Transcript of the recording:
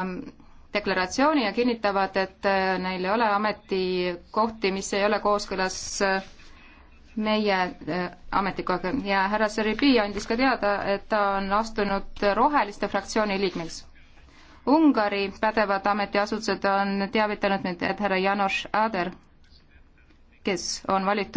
Ähm, deklaratsiooni ja kinnitavad, et äh, neil ei ole ametikohti, mis ei ole kooskõlas äh, meie äh, ametikohaga ja härra Seribi andis ka teada, et ta on astunud Roheliste fraktsiooni liikmeks. Ungari pädevad ametiasutused on teavitanud meid, et härra Janos Ader, kes on valitud